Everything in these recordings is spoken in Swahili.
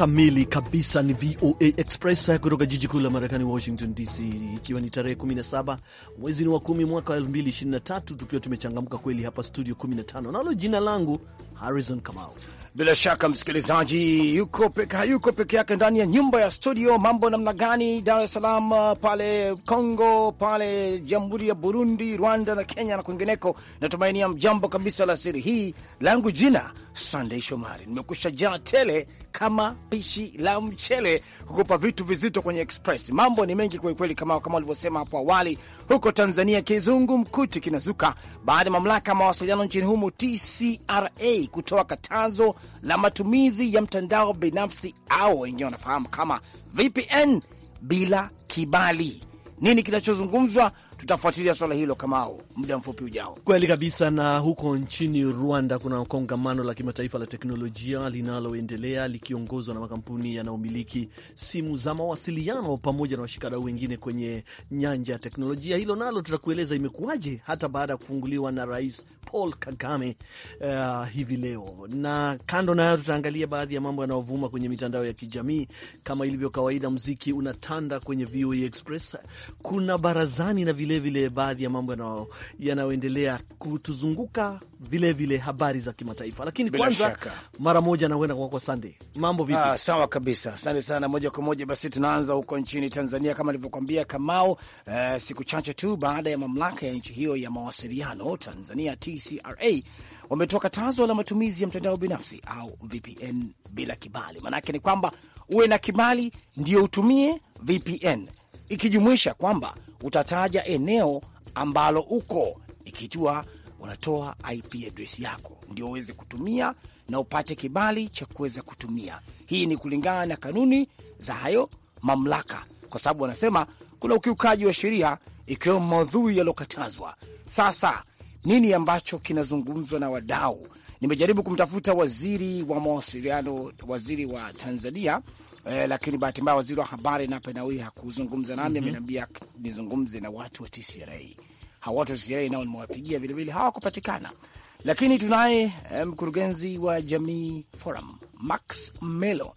kamili kabisa ni VOA Express eh, kutoka jiji kuu la Marekani, Washington DC, ikiwa ni tarehe 17 mwezi wa 10 mwaka 2023, tukiwa tumechangamka kweli hapa studio 15, nalo jina langu Harrison Kamau. Bila shaka msikilizaji yuko peke, hayuko peke yake ndani ya nyumba ya studio. Mambo namna gani Dar es Salaam, eh, pale Congo, pale Jamhuri ya Burundi, Rwanda na Kenya na kwingineko? Natumainia mjambo kabisa la siri hii langu jina Sunday Shomari. Nimekushajaa tele kama pishi la mchele kukupa vitu vizito kwenye Express. Mambo ni mengi kwelikweli, kama kama ulivyosema hapo awali. Huko Tanzania, kizungu mkuti kinazuka baada ya mamlaka ya mawasiliano nchini humo TCRA kutoa katazo la matumizi ya mtandao binafsi au wengine wanafahamu kama VPN bila kibali. Nini kinachozungumzwa? tutafuatilia swala hilo Kamao muda mfupi ujao. Kweli kabisa. Na huko nchini Rwanda kuna kongamano la kimataifa la teknolojia linaloendelea likiongozwa na makampuni yanayomiliki simu za mawasiliano pamoja na washikadau wengine kwenye nyanja ya teknolojia. Hilo nalo tutakueleza imekuwaje hata baada ya kufunguliwa na Rais Paul Kagame uh, hivi leo. Na kando nayo, tutaangalia baadhi ya mambo yanayovuma kwenye mitandao ya kijamii. Kama ilivyo kawaida, mziki unatanda kwenye VOA e Express, kuna barazani na vilevile baadhi ya mambo yanayoendelea kutuzunguka vilevile vile habari za kimataifa, lakini kwanza Mara moja nakwenda kwako Sande, mambo vipi? Ah, sawa kabisa, asante sana. Moja kwa moja basi tunaanza huko nchini Tanzania kama alivyokwambia Kamau. Eh, siku chache tu baada ya mamlaka ya nchi hiyo ya mawasiliano Tanzania TCRA wametoa katazo la matumizi ya mtandao binafsi au VPN bila kibali. Maanake ni kwamba uwe na kibali ndio utumie VPN, ikijumuisha kwamba utataja eneo ambalo uko ikitua unatoa IP address yako ndio uweze kutumia na upate kibali cha kuweza kutumia. Hii ni kulingana na kanuni za hayo mamlaka, kwa sababu wanasema kuna ukiukaji wa sheria ikiwemo maudhui yaliyokatazwa. Sasa nini ambacho kinazungumzwa na wadau? Nimejaribu kumtafuta waziri wa mawasiliano, waziri wa Tanzania eh, lakini bahati mbaya waziri wa habari Nape Nnauye hakuzungumza nami, mhm. ameniambia mm -hmm. nizungumze na watu wa TCRA hawatosiai nao nimewapigia vilevile, hawakupatikana. Lakini tunaye eh, mkurugenzi wa Jamii Forum Max Melo,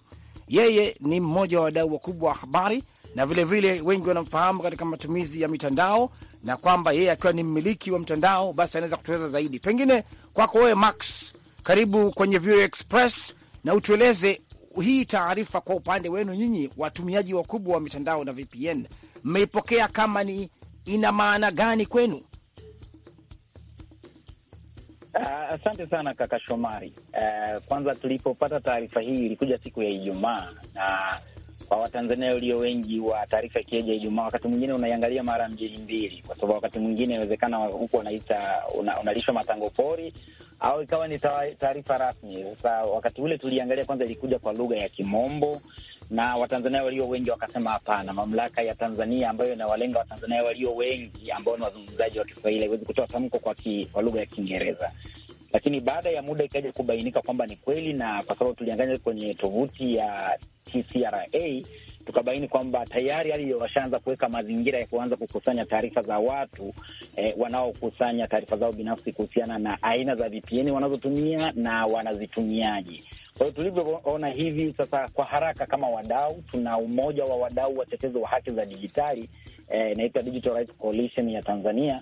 yeye ni mmoja wa wadau wakubwa wa habari na vilevile vile wengi wanamfahamu katika matumizi ya mitandao, na kwamba yeye akiwa ni mmiliki wa mtandao basi anaweza kutueleza zaidi. Pengine kwako wewe Max, karibu kwenye VOA Express na utueleze hii taarifa kwa upande wenu nyinyi watumiaji wakubwa wa mitandao na VPN mmeipokea kama ni ina maana gani kwenu? Ah, asante sana kaka Shomari. Uh, kwanza tulipopata taarifa hii ilikuja siku ya Ijumaa na kwa Watanzania walio wengi wa taarifa ikija Ijumaa, wakati mwingine unaiangalia mara mbili mbili, kwa sababu wakati mwingine inawezekana huku wanaita una, unalishwa matango pori au ikawa ni taarifa rasmi. Sasa wakati ule tuliangalia kwanza, ilikuja kwa lugha ya Kimombo na Watanzania walio wengi wakasema hapana, mamlaka ya Tanzania ambayo inawalenga Watanzania walio wengi ambao ni wazungumzaji wa Kiswahili haiwezi kutoa tamko kwa, kwa lugha ya Kiingereza lakini baada ya muda ikaja kubainika kwamba ni kweli, na kwa sababu tulianganya kwenye tovuti ya TCRA tukabaini kwamba tayari hadi washaanza kuweka mazingira ya kuanza kukusanya taarifa za watu eh, wanaokusanya taarifa zao binafsi kuhusiana na aina za VPN wanazotumia na wanazitumiaje. Kwa hiyo tulivyoona hivi sasa, kwa haraka kama wadau, tuna umoja wa wadau watetezi wa haki za dijitali eh, inaitwa Digital Rights Coalition ya Tanzania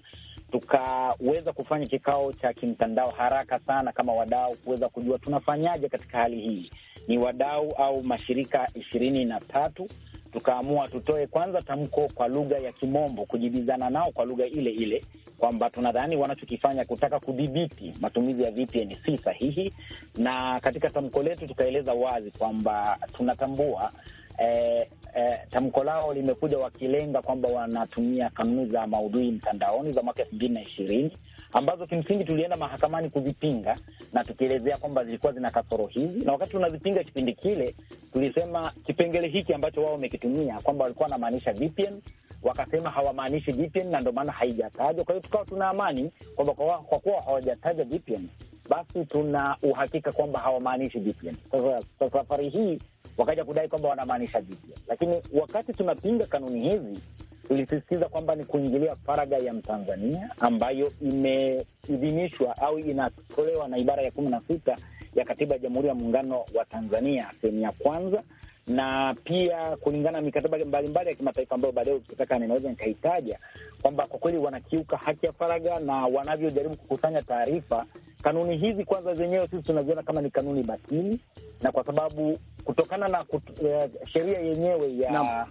tukaweza kufanya kikao cha kimtandao haraka sana kama wadau kuweza kujua tunafanyaje katika hali hii. Ni wadau au mashirika ishirini na tatu tukaamua tutoe kwanza tamko kwa lugha ya Kimombo kujibizana nao kwa lugha ile ile kwamba tunadhani wanachokifanya kutaka kudhibiti matumizi ya VPN si sahihi, na katika tamko letu tukaeleza wazi kwamba tunatambua eh, eh, tamko lao limekuja wakilenga kwamba wanatumia kanuni za maudhui mtandaoni za mwaka elfu mbili na ishirini ambazo kimsingi tulienda mahakamani kuzipinga na tukielezea kwamba zilikuwa zina kasoro hizi, na wakati tunazipinga kipindi kile tulisema kipengele hiki ambacho wao wamekitumia kwamba walikuwa wanamaanisha VPN, wakasema hawamaanishi VPN na ndio maana haijatajwa. Kwa hiyo tukawa tuna amani kwamba kwa, kwa kuwa hawajataja VPN basi tuna uhakika kwamba hawamaanishi VPN. Sasa safari hii wakaja kudai kwamba wanamaanisha jipya Lakini wakati tunapinga kanuni hizi, tulisisitiza kwamba ni kuingilia faragha ya Mtanzania ambayo imeidhinishwa au inatolewa na ibara ya kumi na sita ya katiba ya Jamhuri ya Muungano wa Tanzania sehemu ya kwanza, na pia kulingana na mikataba mbalimbali ya kimataifa ambayo baadaye ukitaka ninaweza nikahitaja kwamba kwa kweli wanakiuka haki ya faragha na wanavyojaribu kukusanya taarifa Kanuni hizi kwanza zenyewe sisi tunaziona kama ni kanuni batili, na kwa sababu kutokana na kut, uh, sheria yenyewe ya no.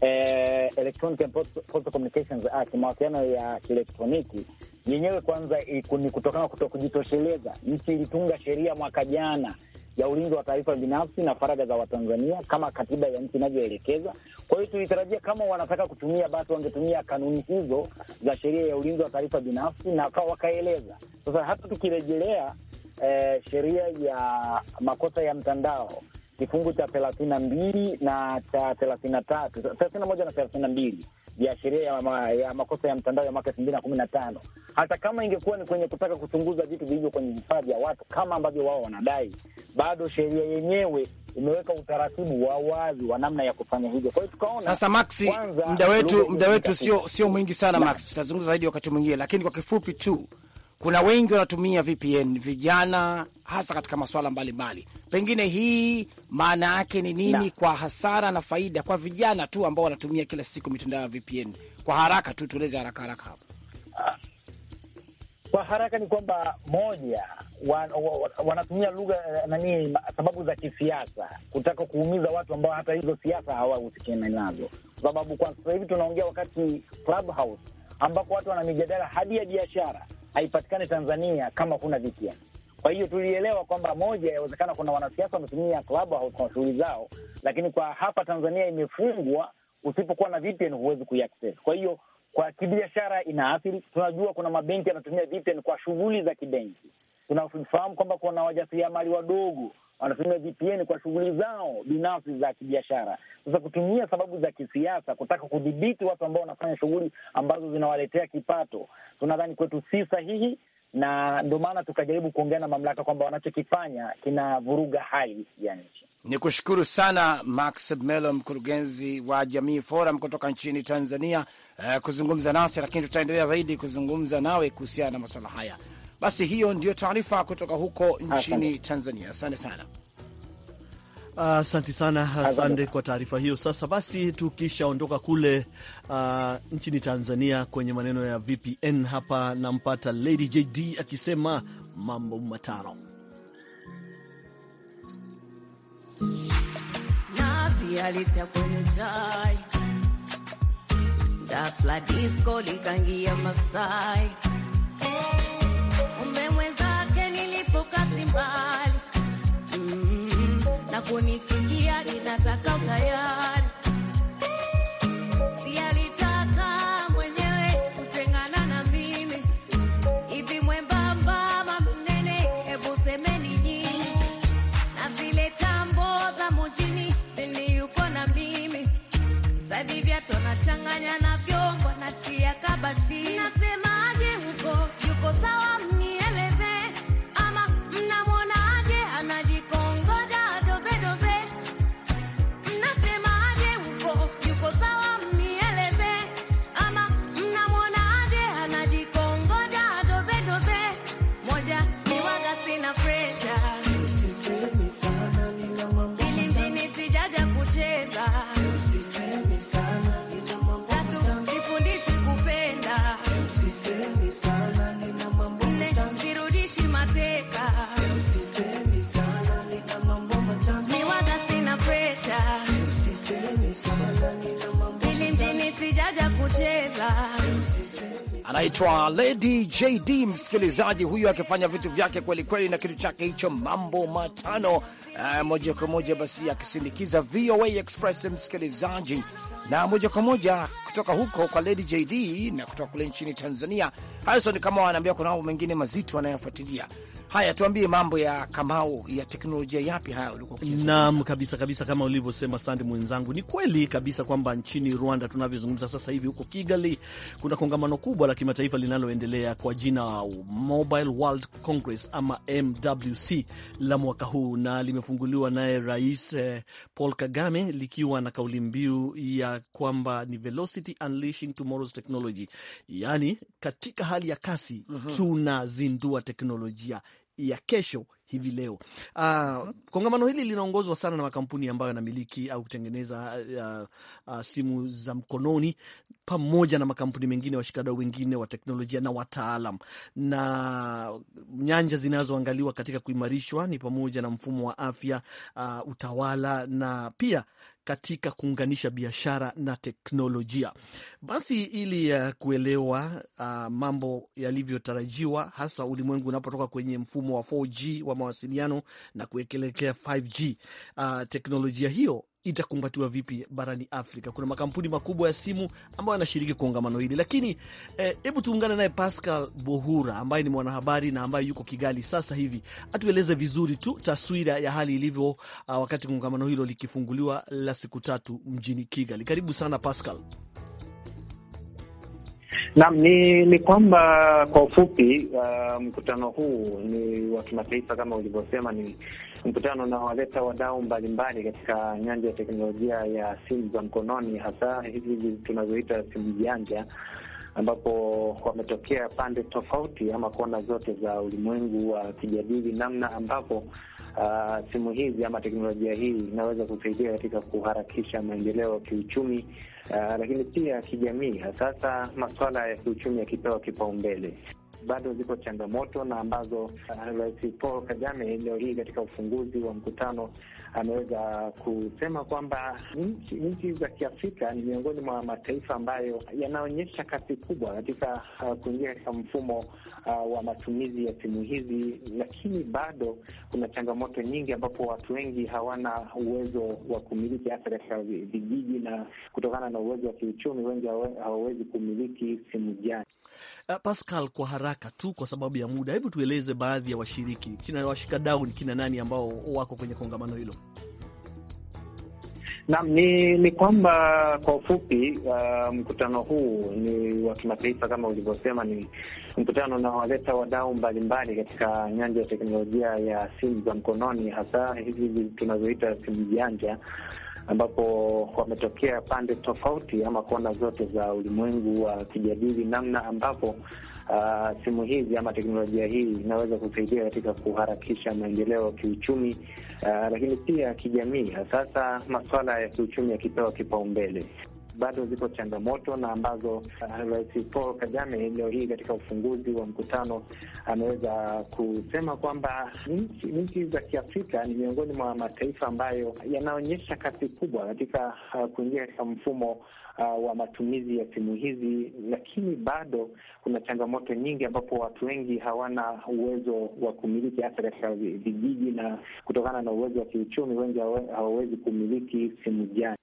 Eh, Electronic and Communications Act, mawasiliano ya kielektroniki yenyewe kwanza ni kutokana kuto kujitosheleza. Nchi ilitunga sheria mwaka jana ya ulinzi wa taarifa binafsi na faragha za Watanzania kama katiba ya nchi inavyoelekeza. Kwa hiyo tulitarajia kama wanataka kutumia, basi wangetumia kanuni hizo za sheria ya ulinzi wa taarifa binafsi na wakaeleza. Sasa hata tukirejelea eh, sheria ya makosa ya mtandao kifungu cha thelathini na mbili na cha thelathini na tatu thelathini na moja na thelathini na mbili ya sheria ya, ma, ya makosa ya mtandao ya mwaka elfu mbili na kumi na tano hata kama ingekuwa ni kwenye kutaka kuchunguza vitu vilivyo kwenye vifaa vya watu kama ambavyo wao wanadai, bado sheria yenyewe imeweka utaratibu wa wazi wa namna ya kufanya hivyo. Kwa hiyo tukaona sasa, Max, muda wetu muda wetu sio sio mwingi sana Max, tutazungumza zaidi wakati mwingine, lakini kwa kifupi tu kuna wengi wanatumia VPN vijana, hasa katika masuala mbalimbali. Pengine hii maana yake ni nini na, kwa hasara na faida kwa vijana tu ambao wanatumia kila siku mitandao ya VPN? Kwa haraka tu tueleze haraka haraka hapo. Ah, kwa haraka ni kwamba moja, wan, wan, wanatumia lugha eh, nani, sababu za kisiasa, kutaka kuumiza watu ambao hata hizo siasa hawahusikiana nazo, sababu kwa sasa hivi tunaongea wakati Clubhouse ambako watu wana mijadala hadi ya biashara haipatikani Tanzania kama kuna VPN. Kwa hiyo tulielewa kwamba moja, yawezekana kuna wanasiasa wametumia Clubhouse kwa shughuli zao, lakini kwa hapa Tanzania imefungwa, usipokuwa na VPN huwezi kuiaccess. Kwa hiyo kwa kibiashara inaathiri. Tunajua kuna mabenki yanatumia VPN kwa shughuli za kibenki. Tunafahamu kwamba kuna wajasiriamali wadogo wanatumia VPN e kwa shughuli zao binafsi za kibiashara. Sasa kutumia sababu za kisiasa kutaka kudhibiti watu ambao wanafanya shughuli ambazo zinawaletea kipato, tunadhani kwetu si sahihi, na ndio maana tukajaribu kuongea na mamlaka kwamba wanachokifanya kinavuruga hali ya nchi. Ni kushukuru sana Max Melo, mkurugenzi wa Jamii Forum kutoka nchini Tanzania, uh, kuzungumza nasi, lakini tutaendelea zaidi kuzungumza nawe kuhusiana na masuala haya. Basi hiyo ndiyo taarifa kutoka huko nchini Tanzania. Asante sana. Asante uh, sana asante kwa taarifa hiyo. Sasa basi tukishaondoka kule uh, nchini Tanzania kwenye maneno ya VPN, hapa nampata Lady JD akisema mambo matano mwenzake nilifoka simbali mm -hmm. na kunifikia inataka utayari anaitwa Lady JD, msikilizaji huyu akifanya vitu vyake kweli kweli na kitu chake hicho, mambo matano Uh, moja kwa moja basi, akisindikiza VOA Express msikilizaji, na moja kwa moja kutoka huko kwa Lady JD na kutoka kule nchini Tanzania. Harison, kama wanaambia kuna mambo mengine mazito anayofuatilia Haya, tuambie mambo ya Kamau, ya teknolojia yapi haya ulikuwa Naam, kabisa kabisa, kama ulivyosema asante mwenzangu, ni kweli kabisa kwamba nchini Rwanda tunavyozungumza sasa hivi, huko Kigali kuna kongamano kubwa la kimataifa linaloendelea kwa jina Mobile World Congress ama MWC la mwaka huu, na limefunguliwa naye Rais eh, Paul Kagame likiwa na kauli mbiu ya kwamba ni Velocity Unleashing Tomorrow's Technology, yaani, katika hali ya kasi mhm. tunazindua teknolojia ya kesho hivi leo. Uh, kongamano hili linaongozwa sana na makampuni ambayo yanamiliki au kutengeneza uh, uh, simu za mkononi pamoja na makampuni mengine, washikadau wengine wa teknolojia na wataalam. Na nyanja zinazoangaliwa katika kuimarishwa ni pamoja na mfumo wa afya, uh, utawala na pia katika kuunganisha biashara na teknolojia. Basi ili uh, kuelewa uh, mambo yalivyotarajiwa, hasa ulimwengu unapotoka kwenye mfumo wa 4G wa mawasiliano na kuekelekea 5G, uh, ah, teknolojia hiyo itakumbatiwa vipi barani Afrika. Kuna makampuni makubwa ya simu ambayo yanashiriki kongamano hili, lakini eh, hebu eh, tuungane naye Pascal Bohura ambaye ni mwanahabari na ambaye yuko Kigali sasa hivi, atueleze vizuri tu taswira ya hali ilivyo, uh, wakati kongamano hilo likifunguliwa la siku tatu mjini Kigali. Karibu sana Pascal. Naam, ni ni kwamba kwa ufupi, uh, mkutano huu ni wa kimataifa kama ulivyosema, ni mkutano unaowaleta wadau mbalimbali katika nyanja ya teknolojia ya simu za mkononi, hasa hizi tunazoita simu janja, ambapo wametokea pande tofauti ama kona zote za ulimwengu wa kijadili namna ambapo uh, simu hizi ama teknolojia hii inaweza kusaidia katika kuharakisha maendeleo kiuchumi, uh, lakini pia kijamii. hasasa masuala ya kiuchumi yakipewa kipaumbele bado ziko changamoto na ambazo ah, Rais Paul Kagame leo hii katika ufunguzi wa mkutano ameweza kusema kwamba nchi za Kiafrika ni miongoni mwa mataifa ambayo yanaonyesha kasi kubwa katika uh, kuingia katika mfumo uh, wa matumizi ya simu hizi, lakini bado kuna changamoto nyingi ambapo watu wengi hawana uwezo wa kumiliki, hasa katika vijiji, na kutokana na uwezo wa kiuchumi wengi hawawezi kumiliki simu jani Eh, Pascal, kwa haraka tu kwa sababu ya muda, hebu tueleze baadhi ya washiriki, kina washika ni kina nani ambao wako kwenye kongamano hilo? Naam, ni, ni kwamba kwa ufupi uh, mkutano huu ni wa kimataifa kama ulivyosema, ni mkutano unaowaleta wadau mbalimbali katika nyanja ya teknolojia ya simu za mkononi, hasa hizi tunazoita simu janja ambapo wametokea pande tofauti ama kona zote za ulimwengu wakijadili namna ambapo Uh, simu hizi ama teknolojia hii inaweza kusaidia katika kuharakisha maendeleo kiuchumi, uh, lakini pia kijamii. Sasa masuala ya kiuchumi yakipewa kipaumbele, bado ziko changamoto na ambazo eh, Rais Paul Kagame leo hii katika ufunguzi wa mkutano ameweza kusema kwamba nchi za Kiafrika ni miongoni mwa mataifa ambayo yanaonyesha kasi kubwa katika uh, kuingia katika mfumo Uh, wa matumizi ya simu hizi, lakini bado kuna changamoto nyingi ambapo watu wengi hawana uwezo wa kumiliki, hasa katika vijiji, na kutokana na uwezo wa kiuchumi wengi hawawezi kumiliki simu jani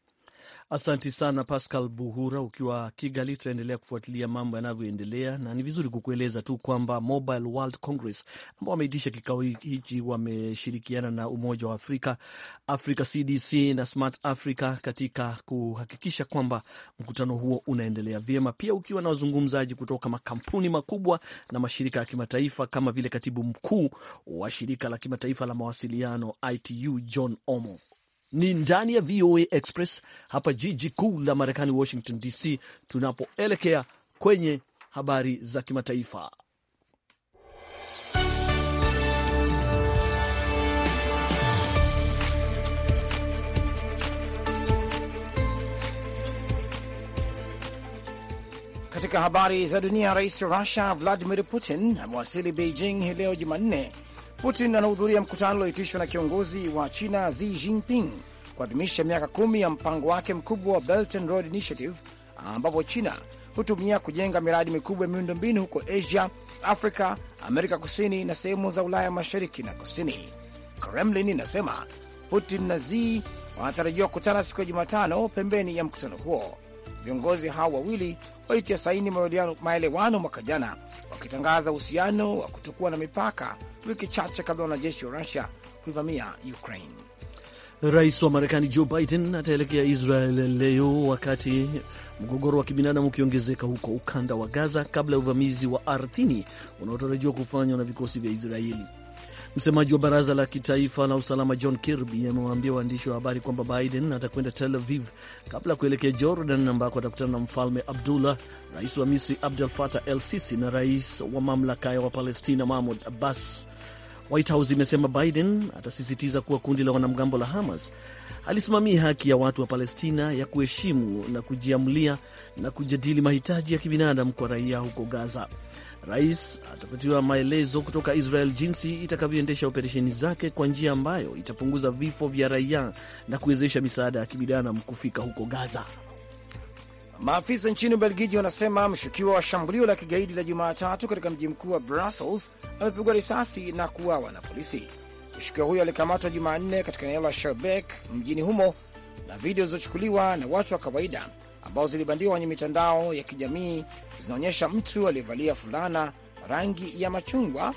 Asanti sana Pascal Buhura ukiwa Kigali. Tutaendelea kufuatilia mambo yanavyoendelea, na ni vizuri kukueleza tu kwamba Mobile World Congress ambao wameitisha kikao hichi wameshirikiana na Umoja wa Afrika, Africa CDC na Smart Africa katika kuhakikisha kwamba mkutano huo unaendelea vyema, pia ukiwa na wazungumzaji kutoka makampuni makubwa na mashirika ya kimataifa kama vile katibu mkuu wa shirika la kimataifa la mawasiliano ITU John Omo ni ndani ya VOA Express hapa jiji kuu la Marekani, Washington DC, tunapoelekea kwenye habari za kimataifa. Katika habari za dunia, rais wa Rusia Vladimir Putin amewasili Beijing hii leo Jumanne Putin anahudhuria mkutano ulioitishwa na kiongozi wa China Xi Jinping kuadhimisha miaka kumi ya mpango wake mkubwa wa Belt and Road Initiative ambapo China hutumia kujenga miradi mikubwa ya miundombinu huko Asia, Afrika, Amerika Kusini na sehemu za Ulaya Mashariki na Kusini. Kremlin inasema Putin na Xi wanatarajiwa kukutana siku ya Jumatano pembeni ya mkutano huo. Viongozi hao wawili waitia saini maelewano mwaka jana wakitangaza uhusiano wa kutokuwa na mipaka wiki chache kabla wanajeshi wa Rusia kuivamia Ukraine. Rais wa Marekani Joe Biden ataelekea Israel leo wakati mgogoro wa kibinadamu ukiongezeka huko ukanda wa Gaza kabla ya uvamizi wa ardhini unaotarajiwa kufanywa na vikosi vya Israeli. Msemaji wa baraza la kitaifa la usalama John Kirby amewaambia waandishi wa habari kwamba Biden atakwenda Tel Aviv kabla ya kuelekea Jordan, ambako atakutana na mfalme Abdullah, rais wa Misri Abdel Fattah el Sisi na rais wa mamlaka ya Wapalestina Mahmud Abbas. White House imesema Biden atasisitiza kuwa kundi la wanamgambo la Hamas alisimamia haki ya watu wa Palestina ya kuheshimu na kujiamulia na kujadili mahitaji ya kibinadamu kwa raia huko Gaza. Rais atapatiwa maelezo kutoka Israel jinsi itakavyoendesha operesheni zake kwa njia ambayo itapunguza vifo vya raia na kuwezesha misaada ya kibinadamu kufika huko Gaza. Maafisa nchini Ubelgiji wanasema mshukiwa wa shambulio la kigaidi la Jumatatu katika mji mkuu wa Brussels amepigwa risasi na kuuawa na polisi. Mshukiwa huyo alikamatwa Jumanne katika eneo la Schaerbeek mjini humo, na video zilizochukuliwa na watu wa kawaida ambazo zilibandikwa kwenye mitandao ya kijamii zinaonyesha mtu aliyevalia fulana rangi ya machungwa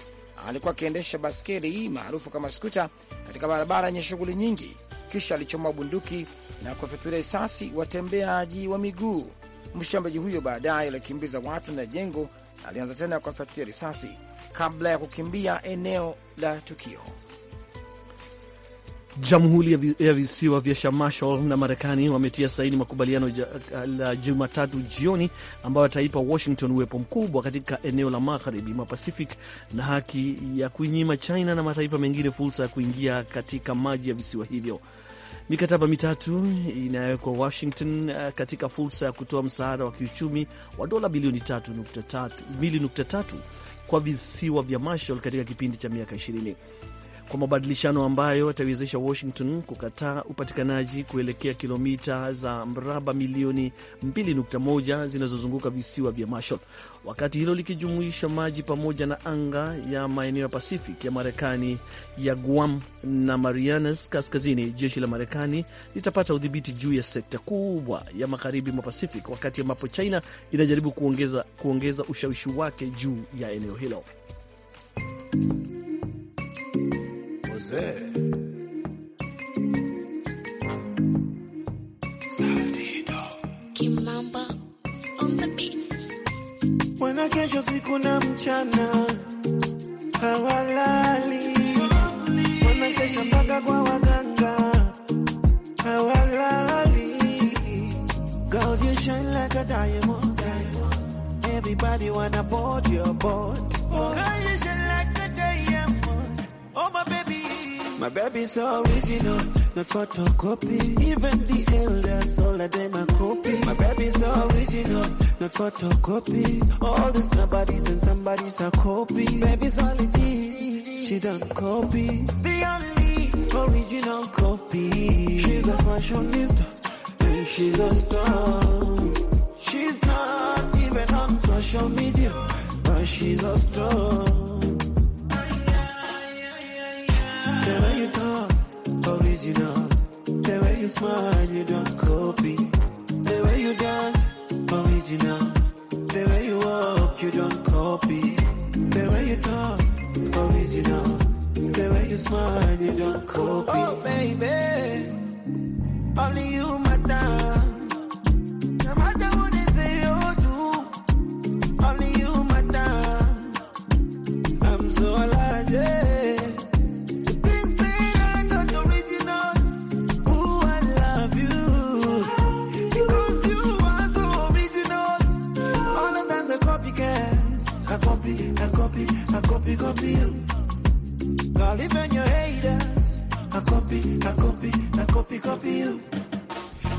alikuwa akiendesha baskeli maarufu kama skuta katika barabara yenye shughuli nyingi, kisha alichoma bunduki na kuwafyatulia risasi watembeaji wa miguu. Mshambaji huyo baadaye alikimbiza watu na jengo na alianza tena kuwafyatulia risasi kabla ya kukimbia eneo la tukio. Jamhuri ya visiwa vya Shamashal na Marekani wametia saini makubaliano la Jumatatu jioni ambayo ataipa Washington uwepo mkubwa katika eneo la magharibi mwa Pacific na haki ya kuinyima China na mataifa mengine fursa ya kuingia katika maji ya visiwa hivyo. Mikataba mitatu inayowekwa Washington eh, katika fursa ya kutoa msaada wa kiuchumi wa dola bilioni 2.3 kwa visiwa vya Marshall katika kipindi cha miaka 20 kwa mabadilishano ambayo yataiwezesha Washington kukataa upatikanaji kuelekea kilomita za mraba milioni 2.1 zinazozunguka visiwa vya Marshall, wakati hilo likijumuisha maji pamoja na anga ya maeneo ya Pacific ya Marekani ya Guam na Marianas Kaskazini. Jeshi la Marekani litapata udhibiti juu ya sekta kubwa ya magharibi mwa Pacific, wakati ambapo China inajaribu kuongeza, kuongeza ushawishi wake juu ya eneo hilo. said. Kimamba on the beats. Wana kesho siku na mchana hawalali, wana kesha mpaka kwa waganga hawalali. God you shine like a diamond, Everybody wanna board your boat. Oh, God you shine like a diamond. Oh my baby. My baby's original, not photocopy. Even the elders, all of them are copy. My baby's original, not photocopy. All these nobodies and somebody's are copy. Baby's only G, she don't copy. The only original copy. She's a fashionista, and she's a star. She's not even on social media, but she's a star. Jamaica, original. The way you smile, you don't copy. The way you dance, original. The way you walk, you don't copy. The way you talk, original. The way you smile, you don't copy. Oh, baby, only you. copy, I copy, I copy, copy you.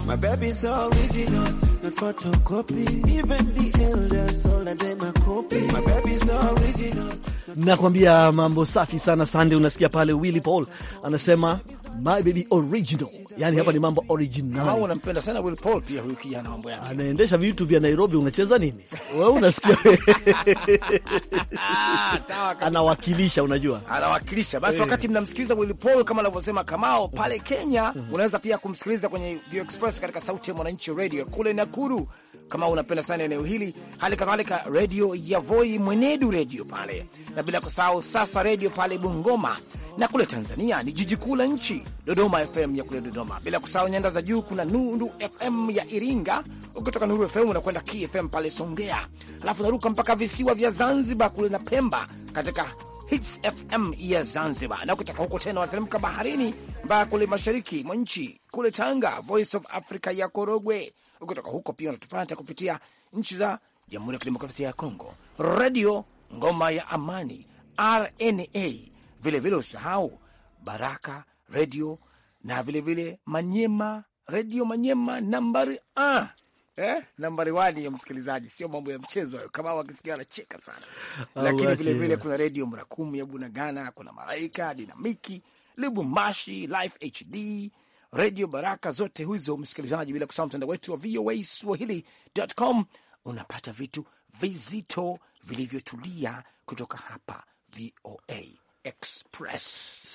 My baby's original, not photocopy. Even the elders, all of them are copy. My baby's original. Nakwambia mambo safi sana Sande, unasikia pale Willy Paul anasema my baby original yani hapa ni mambo original. Hao wanampenda sana Will Paul, pia huyu kijana mambo yake anaendesha vitu vya Nairobi, unacheza nini wewe? Unasikia ah, Sawa anawakilisha, unajua anawakilisha. Basi eh. wakati mnamsikiliza Will Paul kama alivyosema Kamao pale Kenya, unaweza pia kumsikiliza kwenye View Express katika Sauti ya Mwananchi Radio kule Nakuru kama unapenda sana eneo hili, hali kadhalika redio ya Voi, Mwenedu redio pale, na bila kusahau sasa redio pale Bungoma, na kule Tanzania ni jiji kuu la nchi Dodoma FM ya kule Dodoma salama, bila kusahau nyanda za juu, kuna Nundu FM ya Iringa, ukitoka Nuru FM unakwenda KFM pale Songea, alafu naruka mpaka visiwa vya Zanzibar kule na Pemba katika Hits FM ya Zanzibar, na kutoka huko tena wanateremka baharini mpaka kule mashariki mwa nchi kule Tanga, Voice of Africa ya Korogwe. Ukitoka huko pia unatupata kupitia nchi za Jamhuri ya Kidemokrasia ya Kongo, Radio Ngoma ya Amani RNA, vilevile usahau Baraka Radio na vilevile vile Manyema, redio Manyema nambari a Eh, nambari wani ya msikilizaji, sio mambo ya mchezo hayo. Kama wakisikia wanacheka sana, lakini vilevile kuna redio Mrakumu ya Bunagana, kuna Malaika, Dinamiki, Lubumbashi, Life HD, redio Baraka, zote hizo msikilizaji, bila kusahau mtandao wetu wa VOA Swahili.com. Unapata vitu vizito vilivyotulia kutoka hapa VOA. Express.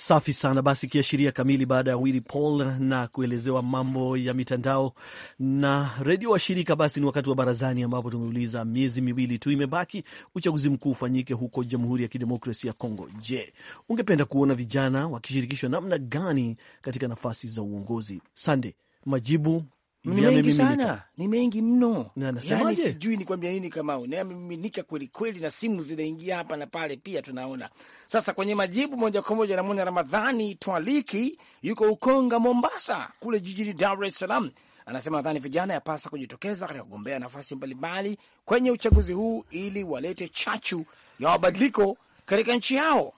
Safi sana basi, kiashiria kamili baada ya Willy Paul na kuelezewa mambo ya mitandao na redio wa shirika, basi ni wakati wa barazani, ambapo tumeuliza miezi miwili tu imebaki uchaguzi mkuu ufanyike huko Jamhuri ya Kidemokrasia ya Kongo. Je, ungependa kuona vijana wakishirikishwa namna gani katika nafasi za uongozi? Sande, majibu ni mengi sana, ni mengi mno. Yani sijui ni kwambia nini, kama unayamiminika kweli kweli, na simu zinaingia hapa na pale, pia tunaona sasa kwenye majibu moja kwa moja. Namwona Ramadhani Twaliki yuko Ukonga, Mombasa kule jijini Dar es Salaam, anasema nadhani vijana yapasa kujitokeza katika kugombea nafasi mbalimbali kwenye uchaguzi huu ili walete chachu ya mabadiliko katika nchi yao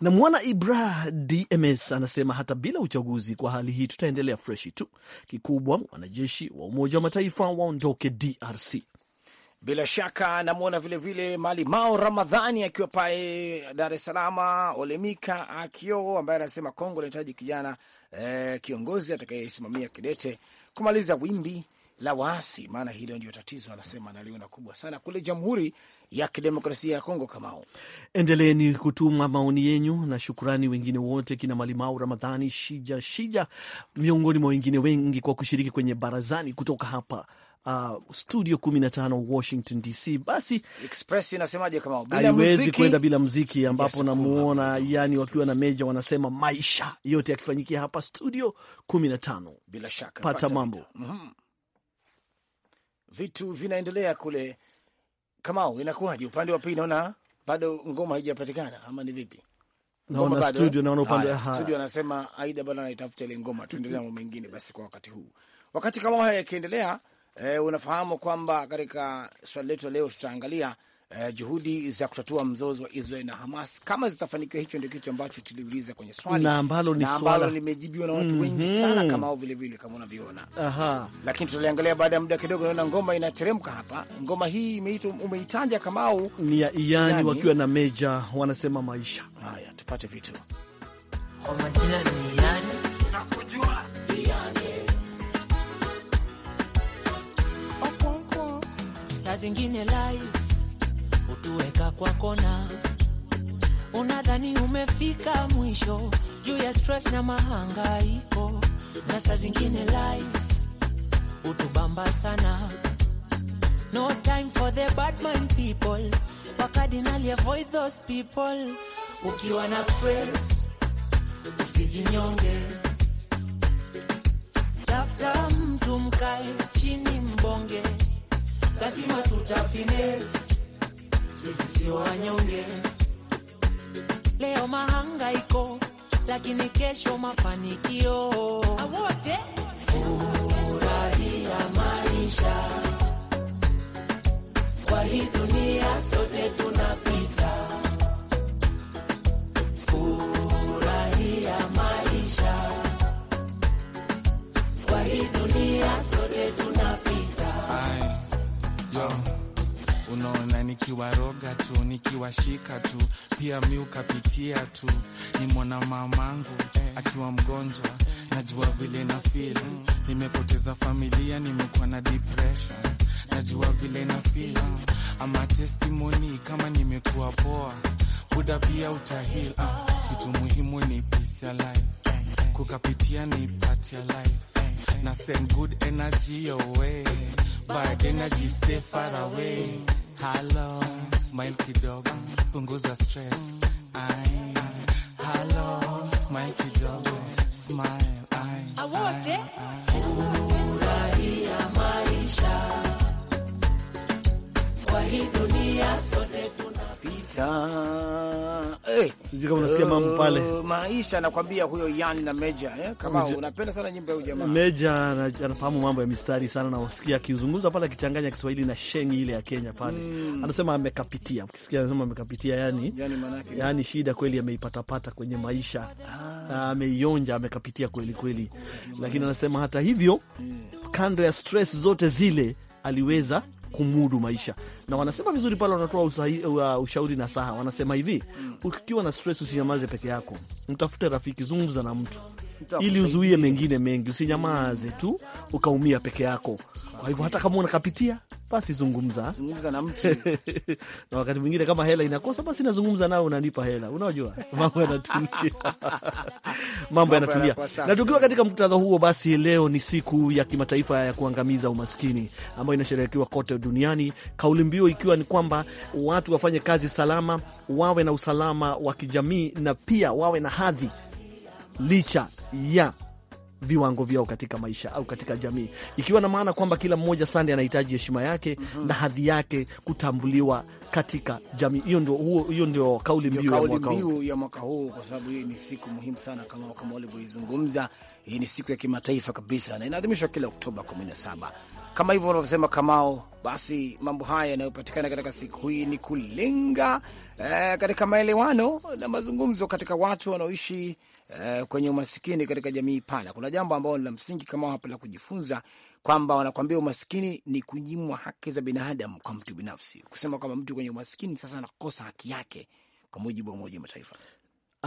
na mwana Ibra DMS anasema hata bila uchaguzi, kwa hali hii tutaendelea freshi tu. Kikubwa wanajeshi wa Umoja wa Mataifa waondoke DRC. Bila shaka namwona vilevile Malimao Ramadhani akiwa pae Dar es salama Olemika Akio ambaye anasema Kongo inahitaji kijana eh, kiongozi atakayesimamia kidete kumaliza wimbi la waasi, maana hilo ndio tatizo anasema naliona kubwa sana kule Jamhuri ya Kidemokrasia ya Kongo. Kamao, endeleeni kutuma maoni yenyu na shukurani wengine wote, kina Malimau Ramadhani, Shija Shija miongoni mwa wengine wengi kwa kushiriki kwenye barazani kutoka hapa Uh, studio 15 Washington DC. Basi Express inasemaje kama haiwezi kwenda bila mziki, ambapo yes, namuona yani wakiwa na meja wanasema maisha yote yakifanyikia hapa studio 15 bila shaka pata, pata mambo mm -hmm vitu vinaendelea kule Kamau, inakuwaje upande wa pili? Naona bado ngoma haijapatikana ama ni vipi? Naona studio, naona upande wa studio anasema Aida bado anaitafuta ile ngoma. Tuendelea mambo mengine basi kwa wakati huu, wakati kama haya yakiendelea. Eh, unafahamu kwamba katika swali letu la leo tutaangalia uh, juhudi za kutatua mzozo wa Israel na Hamas kama zitafanikiwa. Hicho ndio kitu ambacho tuliuliza kwenye swali na ambalo ni swala limejibiwa na watu mm -hmm. wengi mhm. sana kama au vilevile kama unavyoona, lakini tutaliangalia baada ya muda kidogo. Naona ngoma inateremka hapa. Ngoma hii imeitwa umeitaja au ni ya Iyani wakiwa na Meja wanasema maisha haya, tupate vitu saa zingine live utuweka kwa kona, unadhani umefika mwisho juu ya stress na mahangaiko, na saa zingine life utubamba sana. No time for the bad mind people, wakadinali avoid those people. Ukiwa na stress usijinyonge, tafuta mtu mkae chini mbonge, lazima tutafinesi sisi si wanyonge. Leo mahangaiko, lakini kesho mafanikio. Awote furahia maisha, kwa hii dunia sote tunapita. Furahia maisha, kwa hii dunia sote tunapita. yo nikiwaroga tu, nikiwashika tu, pia mi ukapitia tu. Ni mwana mamangu akiwa mgonjwa, najua vile na feel. Nimepoteza familia, nimekuwa na depression, najua vile na feel. Ama testimony kama nimekuwa poa, buda pia utahil. Ah, kitu muhimu ni peace ya life, kukapitia ni part ya life na send good energy your bad energy stay far away Halo, smile kidogo, punguza stress. Ai, halo, smile kidogo, smile. Ai, awote furahia maisha, kwa hii dunia sote tunapita Eh, sijui kama unasikia mambo eh, pale maisha. Nakwambia huyo Yan na Meja eh, kama unapenda sana nyimbo ya ujamaa. Meja anafahamu mambo ya mistari sana, na usikia akizungumza pale akichanganya Kiswahili na shengi ile ya Kenya pale mm. Anasema amekapitia, ukisikia anasema amekapitia yani, yani, manake yani shida kweli ameipata pata kwenye maisha ah. ah. Ameionja, amekapitia kweli kweli, lakini anasema hata hivyo mm. kando ya stress zote zile aliweza kumudu maisha. Na wanasema vizuri pale, wanatoa uh, ushauri na saha, wanasema hivi, ukiwa na stress usinyamaze peke yako, mtafute rafiki, zungumza na mtu ili uzuie mengine mengi, usinyamaze tu ukaumia peke yako. Kwa hivyo hata kama unakapitia basi zungumza, zungumza na mtu na wakati mwingine kama hela inakosa, basi nazungumza nawe, unanipa hela, unajua mambo yanatulia, mambo yanatulia. Na tukiwa katika muktadha huo, basi leo ni siku ya kimataifa ya kuangamiza umaskini ambayo inasherehekewa kote duniani, kauli mbiu ikiwa ni kwamba watu wafanye kazi salama, wawe na usalama wa kijamii na pia wawe na hadhi licha ya viwango vyao katika maisha au katika jamii, ikiwa na maana kwamba kila mmoja sande anahitaji heshima yake mm -hmm. na hadhi yake kutambuliwa katika jamii. Hiyo ndio, hiyo ndio kauli mbiu ya mwaka huu, kwa sababu hii ni siku muhimu sana kama kama walivyoizungumza. Hii ni siku ya kimataifa kabisa na inaadhimishwa kila Oktoba 17 kama hivyo unavyosema Kamao, basi mambo haya yanayopatikana katika siku hii ni kulenga eh, katika maelewano na mazungumzo katika watu wanaoishi eh, kwenye umasikini katika jamii pana. Kuna jambo ambalo la msingi Kamao hapa la kujifunza kwamba wanakwambia umaskini ni kunyimwa haki za binadamu kwa mtu binafsi, kusema kwamba mtu kwenye umaskini sasa anakosa haki yake kwa mujibu wa Umoja wa Mataifa.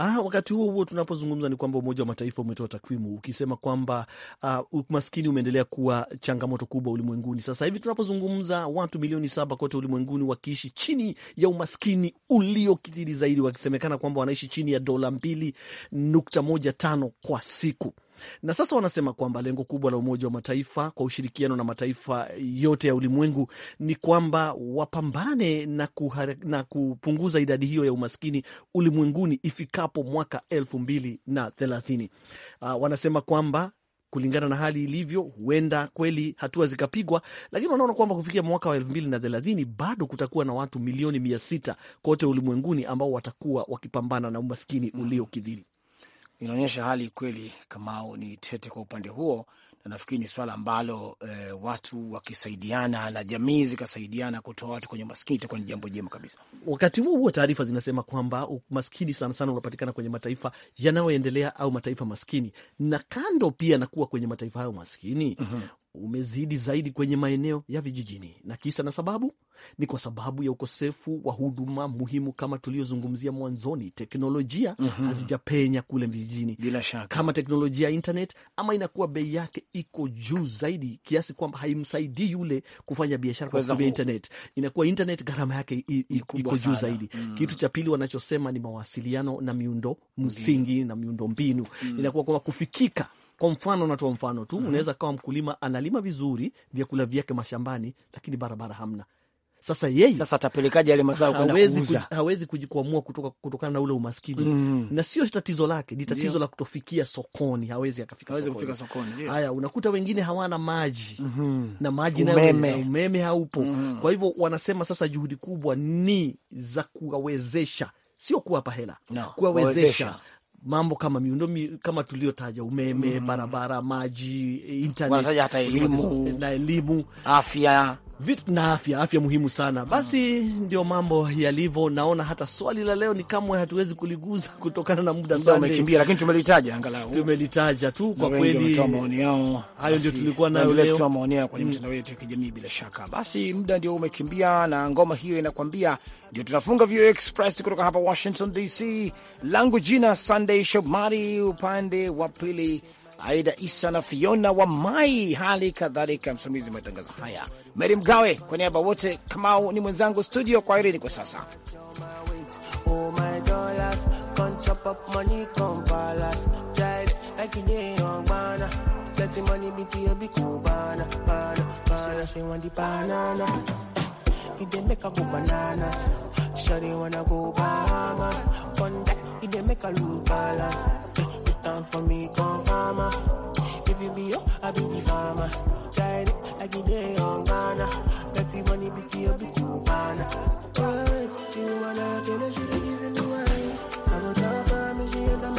Ah, wakati huo huo tunapozungumza ni kwamba Umoja wa Mataifa umetoa takwimu ukisema kwamba ah, umaskini umeendelea kuwa changamoto kubwa ulimwenguni. Sasa hivi tunapozungumza, watu milioni saba kote ulimwenguni wakiishi chini ya umaskini uliokithiri zaidi, wakisemekana kwamba wanaishi chini ya dola mbili nukta moja tano kwa siku. Na sasa wanasema kwamba lengo kubwa la Umoja wa Mataifa kwa ushirikiano na mataifa yote ya ulimwengu ni kwamba wapambane na, kuhare, na kupunguza idadi hiyo ya umaskini ulimwenguni ifikapo mwaka elfu mbili na thelathini. Uh, wanasema kwamba kulingana na hali ilivyo, huenda kweli hatua zikapigwa, lakini wanaona kwamba kufikia mwaka wa elfu mbili na thelathini bado kutakuwa na watu milioni mia sita kote ulimwenguni ambao watakuwa wakipambana na umaskini uliokithiri inaonyesha hali kweli Kamau ni tete kwa upande huo, na nafikiri ni swala ambalo e, watu wakisaidiana na jamii zikasaidiana kutoa watu kwenye umaskini itakuwa ni jambo jema kabisa. Wakati huo huo, taarifa zinasema kwamba umaskini sana sana unapatikana kwenye mataifa yanayoendelea au mataifa maskini, na kando pia nakuwa kwenye mataifa hayo maskini mm -hmm umezidi zaidi kwenye maeneo ya vijijini, na kisa na sababu ni kwa sababu ya ukosefu wa huduma muhimu kama tuliyozungumzia mwanzoni. Teknolojia mm -hmm. hazijapenya kule vijijini, bila shaka kama teknolojia ya internet, ama inakuwa bei yake iko juu zaidi kiasi kwamba haimsaidii yule kufanya biashara kwa sababu ya internet. Inakuwa internet gharama yake iko juu zaidi mm. Kitu cha pili wanachosema ni mawasiliano na miundo msingi mm. na miundo mbinu mm. inakuwa kwamba kufikika kwa mfano, natoa mfano tu mm -hmm. Unaweza kawa mkulima analima vizuri vyakula vyake mashambani, lakini barabara hamna. Sasa yeye sasa atapelekaje yale mazao kwenda kuuza? Hawezi kujikwamua kutoka, kutokana na ule umaskini mm. na sio tatizo lake, ni tatizo la kutofikia sokoni, hawezi akafika hawezi Kufika sokoni. Haya, unakuta wengine hawana maji mm -hmm. na maji umeme, na umeme haupo mm -hmm. kwa hivyo wanasema sasa juhudi kubwa ni za kuwawezesha sio kuwapa hela no, kuwawezesha mambo kama miundo mi, kama tuliyotaja umeme, mm, barabara, maji, internet, hata elimu na elimu, afya vitu na afya, afya muhimu sana. Basi mm. ndio mambo yalivyo. Naona hata swali la leo ni kamwe hatuwezi kuliguza kutokana na muda sana, umekimbia, lakini tumelitaja angalau, tumelitaja tu kwa kweli. Hayo ndio tulikuwa nayo leo, tutoa maoni yao kwenye mm. mitandao yetu ya kijamii. Bila shaka, basi muda ndio umekimbia, na ngoma hiyo inakwambia, ndio tunafunga VOA Express kutoka hapa Washington DC, langu jina Sunday Sunday Shomari, upande wa pili Aida Isa na Fiona wa Mai, hali kadhalika msimamizi matangazo haya Meri Mgawe. Kwa niaba wote, Kamau ni mwenzangu studio. Kwa herini kwa sasa. Oh it dey make a go bananas. Shawty wanna go Bahamas. One that it dey make a lose balance. Put down for me, come farmer. If you be up, I be the farmer. Ride it I it dey on Ghana. Dirty money, be your be Cubana. Cause you wanna get a shitty